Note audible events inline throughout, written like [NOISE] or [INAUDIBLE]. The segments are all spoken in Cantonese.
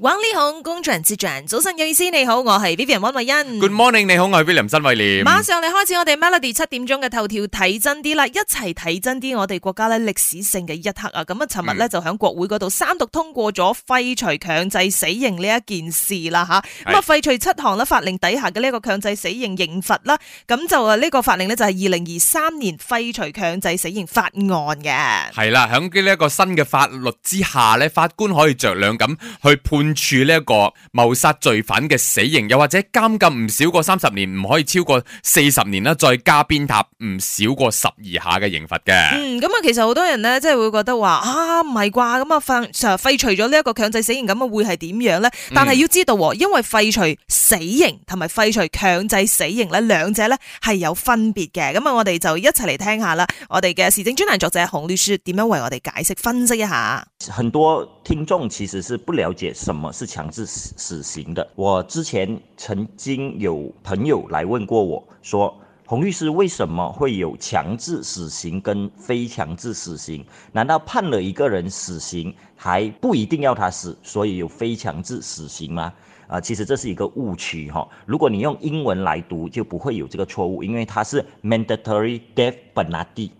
王利行工作人接掌，早晨嘅意思你好，我係 Vivian 溫慧欣。Good morning，你好，我係 William 曾慧廉。馬上嚟，開始我哋 Melody 七點鐘嘅頭條睇真啲啦，一齊睇真啲我哋國家咧歷史性嘅一刻啊！咁啊，尋日咧就響國會嗰度三讀通過咗廢除強制死刑呢一件事啦吓。咁啊，廢除七項啦法令底下嘅呢一個強制死刑刑罰啦，咁就啊呢個法令咧就係二零二三年廢除強制死刑法案嘅。係啦，響呢一個新嘅法律之下咧，法官可以酌量咁去判。處呢一個謀殺罪犯嘅死刑，又或者監禁唔少過三十年，唔可以超過四十年啦，再加鞭撻唔少過十二下嘅刑罰嘅。嗯，咁啊，其實好多人呢，即係會覺得話啊，唔係啩？咁啊，廢廢除咗呢一個強制死刑，咁啊會係點樣呢？但係要知道，因為廢除死刑同埋廢除強制死刑呢兩者呢，係有分別嘅。咁啊，我哋就一齊嚟聽下啦，我哋嘅時政專欄作者洪律師點樣為我哋解釋分析一下。很多聽眾其實是不了解什麼是強制死刑的。我之前曾經有朋友來問過我，說洪律師為什麼會有強制死刑跟非強制死刑？難道判了一個人死刑還不一定要他死，所以有非強制死刑嗎？啊、呃，其實這是一個誤區哈。如果你用英文來讀，就不會有這個錯誤，因為它是 mandatory death penalty。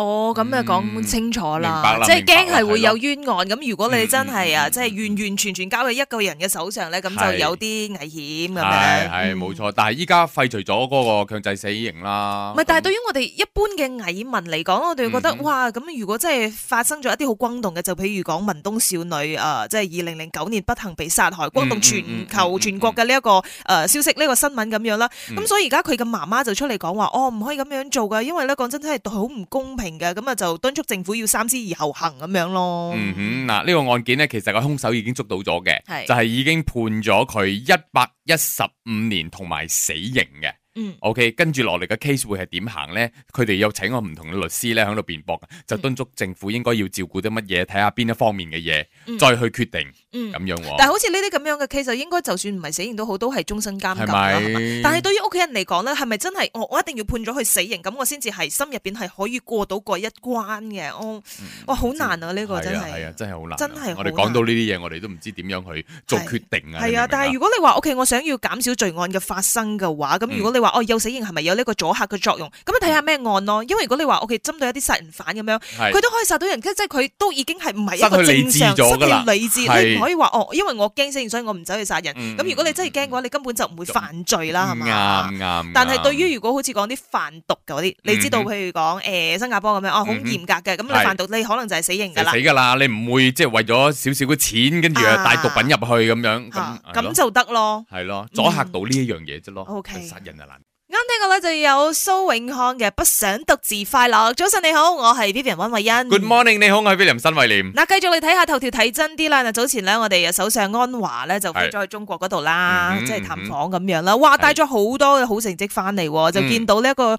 哦，咁就講清楚啦、嗯，即係驚係會有冤案。咁如果你真係啊，即、嗯、係完完全全交喺一個人嘅手上咧，咁、嗯、就有啲危險咁樣。係係冇錯，嗯、但係依家廢除咗嗰個強制死刑啦。唔係，但係對於我哋一般嘅蟻民嚟講，我哋覺得、嗯、哇，咁如果真係發生咗一啲好轟動嘅，就譬如講文東少女啊，即係二零零九年不幸被殺害，轟動全球全國嘅呢一個誒消息，呢、嗯這個新聞咁樣啦。咁、嗯、所以而家佢嘅媽媽就出嚟講話，哦，唔可以咁樣做噶，因為咧講真真係好唔公平。嘅咁啊，就敦促政府要三思而後行咁樣咯。嗯哼，嗱、這、呢個案件咧，其實個凶手已經捉到咗嘅，就係、是、已經判咗佢一百一十五年同埋死刑嘅。OK 跟住落嚟嘅 case 會係點行咧？佢哋有請我唔同嘅律師咧，喺度辯駁，就敦促政府應該要照顧啲乜嘢，睇下邊一方面嘅嘢、嗯、再去決定，咁、嗯嗯、樣但係好似呢啲咁樣嘅 case，應該就算唔係死刑都好，都係終身監禁。但係對於屋企人嚟講咧，係咪真係我我一定要判咗佢死刑，咁我先至係心入邊係可以過到嗰一關？嘅？我、oh, 嗯、哇，好難啊！呢個真係真係好、啊難、啊、難，真係我哋講到呢啲嘢，我哋都唔知點樣去做決定啊，但係如果你話 OK，我想要減少罪案嘅發生嘅話，咁、嗯、如果你話哦，有死刑係咪有呢個阻吓嘅作用？咁啊睇下咩案咯。因為如果你話我嘅針對一啲殺人犯咁樣，佢都可以殺到人，即係佢都已經係唔係一個正常失去，失去理智，你唔可以話哦，因為我驚死刑，所以我唔走去殺人。咁、嗯、如果你真係驚嘅話，你根本就唔會犯罪啦，係、嗯、嘛？啱、嗯、啱、嗯嗯。但係對於如果好似講啲販毒嗰啲、嗯，你知道譬如講誒、欸、新加坡咁樣，哦好嚴格嘅，咁你販毒你可能就係死刑噶啦。死噶啦，你唔會即係為咗少少嘅錢，跟住啊帶毒品入去咁樣咁就得咯。係咯，咯，阻吓到呢一樣嘢啫咯。殺、嗯 okay、人呢、這個咧就有蘇永康嘅《不想獨自快樂》。早晨你好，我係 Vivian 溫慧欣。Good morning，你好，我係 William 新慧廉。嗱，繼續你睇下頭條睇真啲啦。嗱，早前咧，我哋首相安華咧就飛咗去中國嗰度啦，即係探訪咁樣啦。哇，帶咗好多嘅好成績翻嚟，就見到呢一個誒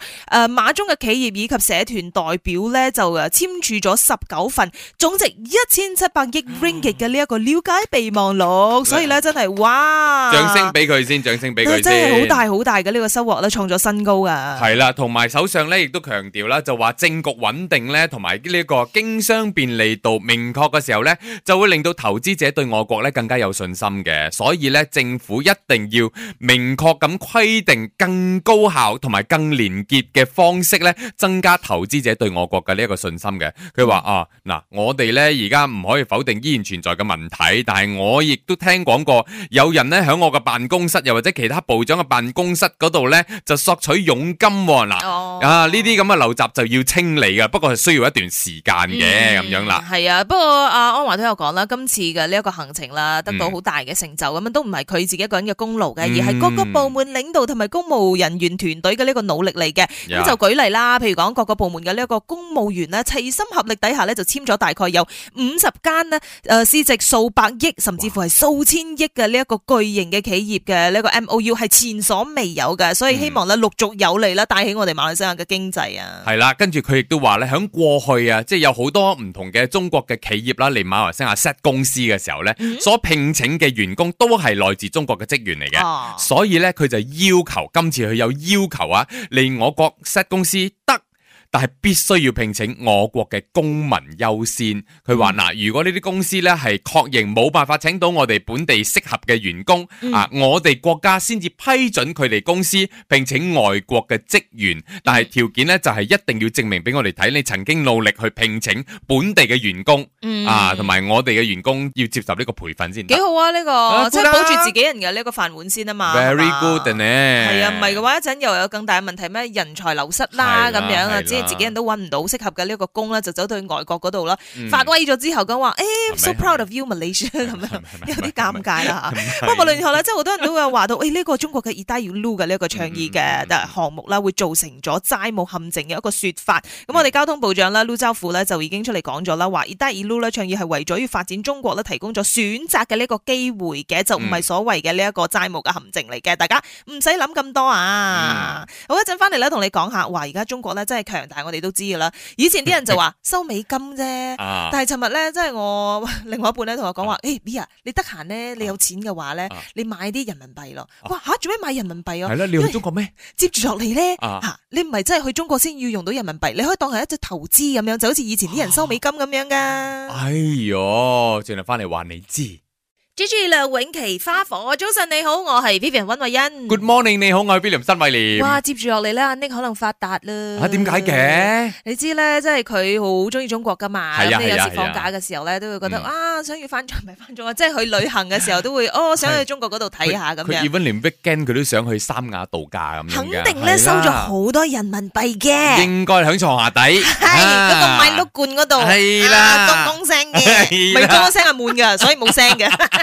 馬中嘅企業以及社團代表咧就誒簽署咗十九份，總值一千七百億 Ringgit 嘅呢一個了解備忘錄。 [LAUGHS] 所以咧，真係哇！掌聲俾佢先，掌聲俾佢先，真係好大好大嘅呢個收穫啦，創咗。新高㗎，係啦，同埋首相咧，亦都強調啦，就話政局穩定咧，同埋呢個經商便利度明確嘅時候咧，就會令到投資者對我國咧更加有信心嘅。所以咧，政府一定要明確咁規定，更高效同埋更廉潔嘅方式咧，增加投資者對我國嘅呢一個信心嘅。佢話啊，嗱、啊，我哋咧而家唔可以否定依然存在嘅問題，但係我亦都聽講過有人咧響我嘅辦公室，又或者其他部長嘅辦公室嗰度咧就索取佣金，嗱啊，呢啲咁嘅陋習就要清理噶，不過係需要一段時間嘅咁樣啦。係啊，不過阿、啊、安華都有講啦，今次嘅呢一個行程啦，得到好大嘅成就，咁、mm、樣 -hmm. 都唔係佢自己一個人嘅功勞嘅，mm -hmm. 而係各個部門領導同埋公務人員團隊嘅呢個努力嚟嘅。咁、yeah. 就舉例啦，譬如講各個部門嘅呢一個公務員咧齊心合力底下咧就簽咗大概有五十間咧誒市值數百億甚至乎係數千億嘅呢一個巨型嘅企業嘅呢個 MOU 係前所未有嘅，所以希望陸續有利啦，帶起我哋馬來西亞嘅經濟啊，啊！係啦，跟住佢亦都話咧，響過去啊，即係有好多唔同嘅中國嘅企業啦，嚟馬來西亞 set 公司嘅時候咧、嗯，所聘請嘅員工都係來自中國嘅職員嚟嘅、啊，所以咧佢就要求今次佢有要求啊，令我國 set 公司得。但係必須要聘請我國嘅公民優先。佢話嗱，如果呢啲公司呢係確認冇辦法請到我哋本地適合嘅員工啊，我哋國家先至批准佢哋公司聘請外國嘅職員。但係條件呢就係一定要證明俾我哋睇，你曾經努力去聘請本地嘅員工啊，同埋我哋嘅員工要接受呢個培訓先。幾好啊！呢個即係保住自己人嘅呢個飯碗先啊嘛。Very good 呢。係啊，唔係嘅話一陣又有更大嘅問題咩？人才流失啦，咁樣啊之。自己人都揾唔到適合嘅呢一個工啦，就走到外國嗰度啦。發威咗之後咁話，誒、hey,，so proud of you Malaysia 咁、嗯、樣，嗯嗯、 [LAUGHS] 有啲尷尬啦、嗯嗯嗯嗯、不過無論如何好多人都會話到，誒 [LAUGHS] 呢、哎這個中國嘅熱帶要 lew 嘅呢個倡議嘅項目啦，會造成咗債務陷阱嘅一個說法。咁、嗯、我哋交通部長啦，瀘、嗯、州府咧就已經出嚟講咗啦，話熱帶要 lew 倡議係為咗要發展中國咧提供咗選擇嘅呢一個機會嘅，就唔係所謂嘅呢一個債務嘅陷阱嚟嘅、嗯。大家唔使諗咁多啊！嗯、好，來跟一陣翻嚟咧同你講下，話而家中國咧真係強。但係我哋都知噶啦，以前啲人就話收美金啫。哎、但係尋日咧，即係我另外一半咧同我講、啊 hey, 啊、話，誒、啊、B 啊，啊，啊，啊，你得閒咧，你有錢嘅話咧，你買啲人民幣咯。哇吓，做咩買人民幣哦？係啦，你去中國咩？接住落嚟咧，吓你唔係真係去中國先要用到人民幣，你可以當係一隻投資咁樣，就好似以前啲人收美金咁樣噶、啊哎。哎喲，轉嚟翻嚟話你知？Gigi 梁永琪花房，早晨你好，我係 Vivian 溫慧欣。Good morning，你好，我係 Vivian 申慧蓮。哇，接住落嚟啦，呢可能發達啦。啊，點解嘅？你知咧，即係佢好中意中國噶嘛。係啊係啊係啊。咁你有時放假嘅時候咧，都會覺得啊，想要返中咪返中啊，即係去旅行嘅時候都會哦，想去中國嗰度睇下咁樣。佢 even weekend 佢都想去三亞度假咁樣。肯定咧收咗好多人民幣嘅。應該響床下底。係嗰個米碌罐嗰度。係啦，咚咚聲嘅，咪咚咚聲係悶噶，所以冇聲嘅。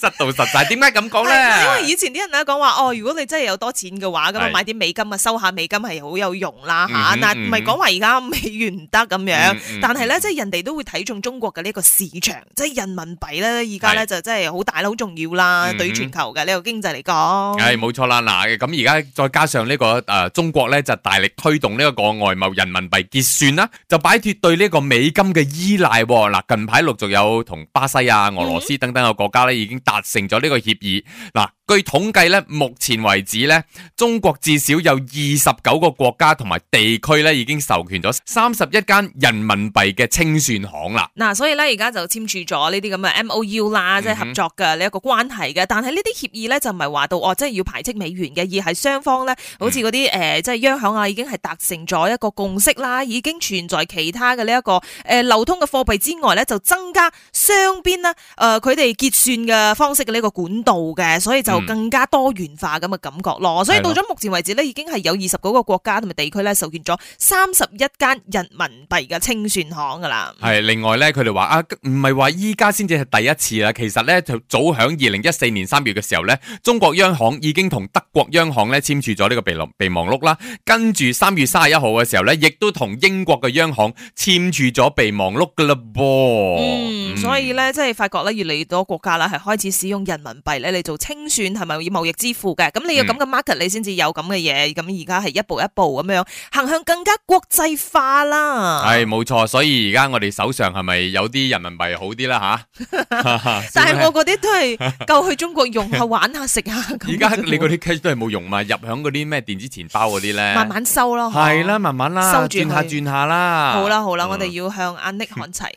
實到實在，點解咁講咧？因為以前啲人咧，講話哦，如果你真係有多錢嘅話，咁啊買啲美金啊，收下美金係好有用啦吓。但係唔係講話而家美元唔得咁樣，但係咧，即係人哋都會睇重中國嘅呢個市場，即係人民幣咧，而家咧就真係好大啦，好重要啦，對全球嘅呢個經濟嚟講。係冇錯啦，嗱咁而家再加上呢個誒中國咧就大力推動呢個外貿人民幣結算啦，就擺脫對呢個美金嘅依賴。嗱近排陸續有同巴西啊、俄羅斯等等嘅國家咧，已經達成咗呢個協議。嗱，據統計咧，目前為止咧，中國至少有二十九個國家同埋地區咧，已經授權咗三十一間人民幣嘅清算行啦。嗱、啊，所以咧，而家就簽署咗呢啲咁嘅 MOU 啦，即係合作嘅呢一個關係嘅。嗯嗯，但係呢啲協議咧，就唔係話到哦，即係要排斥美元嘅，而係雙方咧，好似嗰啲誒，即係央行啊，已經係達成咗一個共識啦，已經存在其他嘅呢一個誒、呃、流通嘅貨幣之外咧，就增加雙邊啦，誒、呃，佢哋結算。嘅方式嘅呢個管道嘅，所以就更加多元化咁嘅感覺咯。嗯、所以到咗目前為止呢，已經係有二十九個國家同埋地區呢，授權咗三十一間人民幣嘅清算行噶啦、嗯。係另外呢，佢哋話啊，唔係話依家先至係第一次啦。其實呢，就早響二零一四年三月嘅時候呢，中國央行已經同德國央行呢簽署咗呢個備錄備忘錄啦。跟住三月三十一號嘅時候呢，亦都同英國嘅央行簽署咗備忘錄噶啦噃。嗯、所以呢，即係發覺呢，越嚟越多國家啦。係開始使用人民幣咧，你做清算係咪以貿易支付嘅？咁你要咁嘅 market，你先至有咁嘅嘢。咁而家係一步一步咁樣行向更加國際化啦。係冇錯，所以而家我哋手上係咪有啲人民幣好啲啦？吓，但係我嗰啲都係夠去中國用下，去玩下食下。而家你嗰啲 case 都係冇用嘛？入響嗰啲咩電子錢包嗰啲咧？慢慢收咯，係啦，慢慢啦，收轉下轉下啦。好啦好啦，我哋要向阿 Nick 看齊。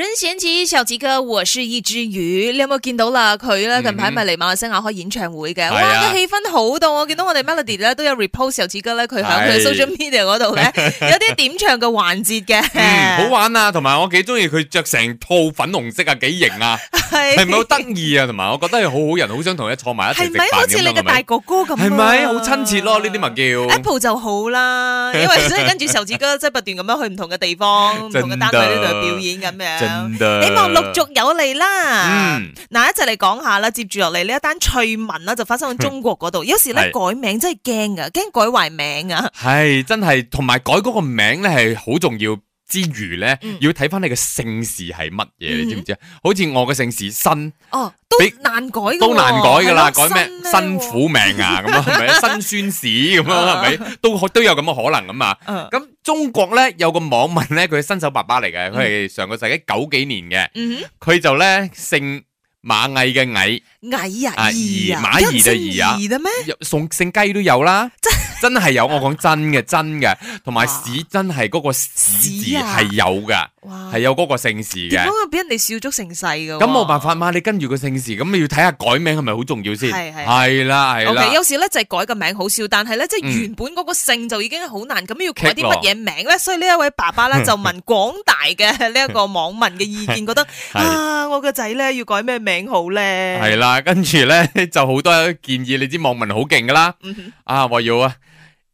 人嫌棄手指哥，我是一隻魚。你有冇見到啦？佢咧近排咪嚟馬來西亞開演唱會嘅，嗯，哇嘅氣、啊、氛好到我看到我見到我哋 Melody 咧都有 repost 手指哥咧，佢喺佢 social media 嗰度咧有啲點點唱嘅環節嘅，好玩啊！同埋我幾中意佢着成套粉紅色啊，幾型啊，係咪好得意啊？同埋我覺得係好好人，好想同佢坐埋一齊食飯，係咪好似你嘅大哥哥咁，啊？係咪好親切咯，啊？呢啲咪叫 Apple 就好啦，因為所以跟住手指哥即係不斷咁樣去唔同嘅地方，唔同嘅單位呢度表演緊、啊、咩希望陸續有嚟啦。嗱、嗯，一陣嚟講下啦，接住落嚟呢一單趣聞啦，就發生喺中國嗰度、嗯。有時咧改名真係驚㗎，驚改壞名啊。係真係，同埋改嗰個名咧係好重要。之餘咧，要睇翻你嘅姓氏係乜嘢，你知唔知啊？好似我嘅姓氏新，哦，都難改，啊，都難改噶啦，啊，改咩？辛苦命啊，咁 [LAUGHS] 啊，係咪辛酸史咁啊？係咪都都有咁嘅可能咁啊？咁、啊、中國咧有個網民咧，佢係新手爸爸嚟嘅，佢、嗯、係上個世紀九幾年嘅，佢、嗯、就咧姓。螞蟻嘅蟻，蟻啊，兒馬兒嘅兒啊，馬矮的矮啊的送姓雞都有啦，真真係有，我講真嘅真嘅，同埋屎真係嗰個屎字係有㗎。係哇有嗰個姓氏嘅，點解會俾人哋笑足成世嘅、啊？咁冇辦法嘛？你跟住個姓氏，咁你要睇下改名係咪好重要先？係係係啦係、okay, 有時咧就係改個名好笑，但係咧即係原本嗰個姓就已經好難，咁、嗯、要改啲乜嘢名咧？所以呢一位爸爸咧就問廣大嘅呢一個網民嘅意見， [LAUGHS] 覺得 [LAUGHS] 是啊，我個仔咧要改咩名好咧？係啦，跟住咧就好多建議。你知網民好勁噶啦，嗯、哼啊我要啊，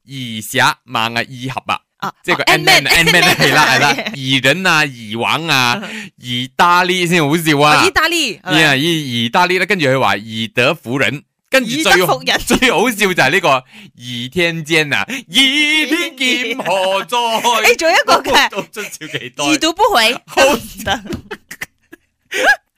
二舍萬啊二合啊。即係個 Ant-Man 嘅啦，係、啊、啦，蟻、啊 yeah, yeah. 人啊，蟻王啊，蟻 [LAUGHS] 大利先好笑啊，蟻、oh, okay. yeah, 大利，然後以蟻大利咧，跟住佢話以德服人，跟住最好最好笑就係呢、這個倚天劍啊，倚天劍何在？你做一個嘅，幾 [LAUGHS] 多？幾幾多？已讀不回，好唔得，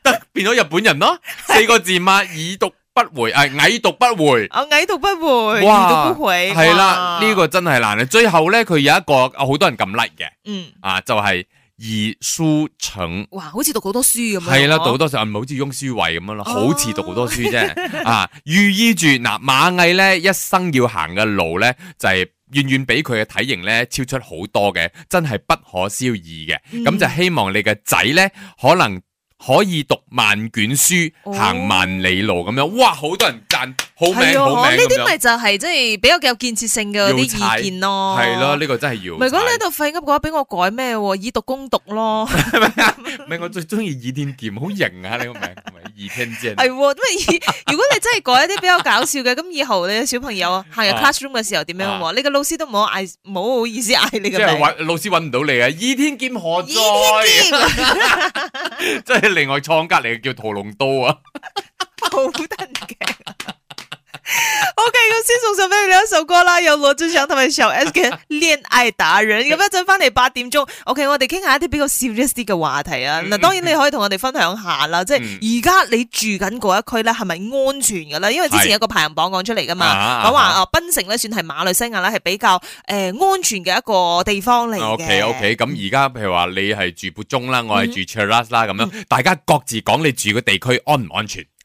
得 [LAUGHS] 變咗日本人咯， [LAUGHS] 四個字嘛，已讀。不回，誒、啊，蟻讀不回，哦，蟻讀不回，字讀不回，係啦，呢、這個真係難。最後咧，佢有一個，好多人咁叻嘅，嗯，啊，就係、是、熱書蟲，哇，好似讀好多書咁，係啦，讀好多書，唔係好似翁書慧咁樣咯，好似讀好多書啫，啊，寓意住嗱，螞蟻咧一生要行嘅路咧，就係、是、遠遠俾佢嘅體型咧超出好多嘅，真係不可思議嘅。咁、嗯、就希望你嘅仔咧，可能。可以讀萬卷書，哦、行萬里路咁樣，哇！好多人讚，好名、啊、好名呢啲咪就係即係比較有建設性嘅啲意見咯。係、啊這個、咯，呢個真係要。唔係，咁你喺度廢咁話，俾我改咩？以毒攻毒咯。唔係，我最中意以點點， [LAUGHS] 好型啊！你個名。 [LAUGHS] 倚天係， [LAUGHS] 如果你真係改一啲比較搞笑嘅，咁 [LAUGHS] 以後你小朋友行入 classroom 嘅時候點樣、 [LAUGHS] 啊啊？你個老師都唔好嗌，唔好意思嗌你嘅名，即係老師揾唔到你啊！倚天劍何在？倚天劍啊、 [LAUGHS] [LAUGHS] 真係另外創隔籬叫屠龍刀啊！後盾劍。 [LAUGHS] o、okay, K，我先送上俾你一首歌啦，由羅志祥同埋小 S 嘅《戀愛達人》。咁、okay, 一陣翻嚟八點鐘，O K，我哋傾下一啲比較 serious 啲嘅話題啊。嗱， [LAUGHS] 當然你可以同我哋分享下啦，即係而家你住緊嗰一區咧，係咪安全噶咧？因為之前有一個排行榜講出嚟噶嘛，講話啊,啊,啊,啊賓，檳城咧算係馬來西亞咧係比較誒、呃、安全嘅一個地方嚟 O K，O K，咁而家譬如話你係住蒲種啦，我係住 Cheras 啦、嗯，咁樣大家各自講你住嘅地區安唔安全？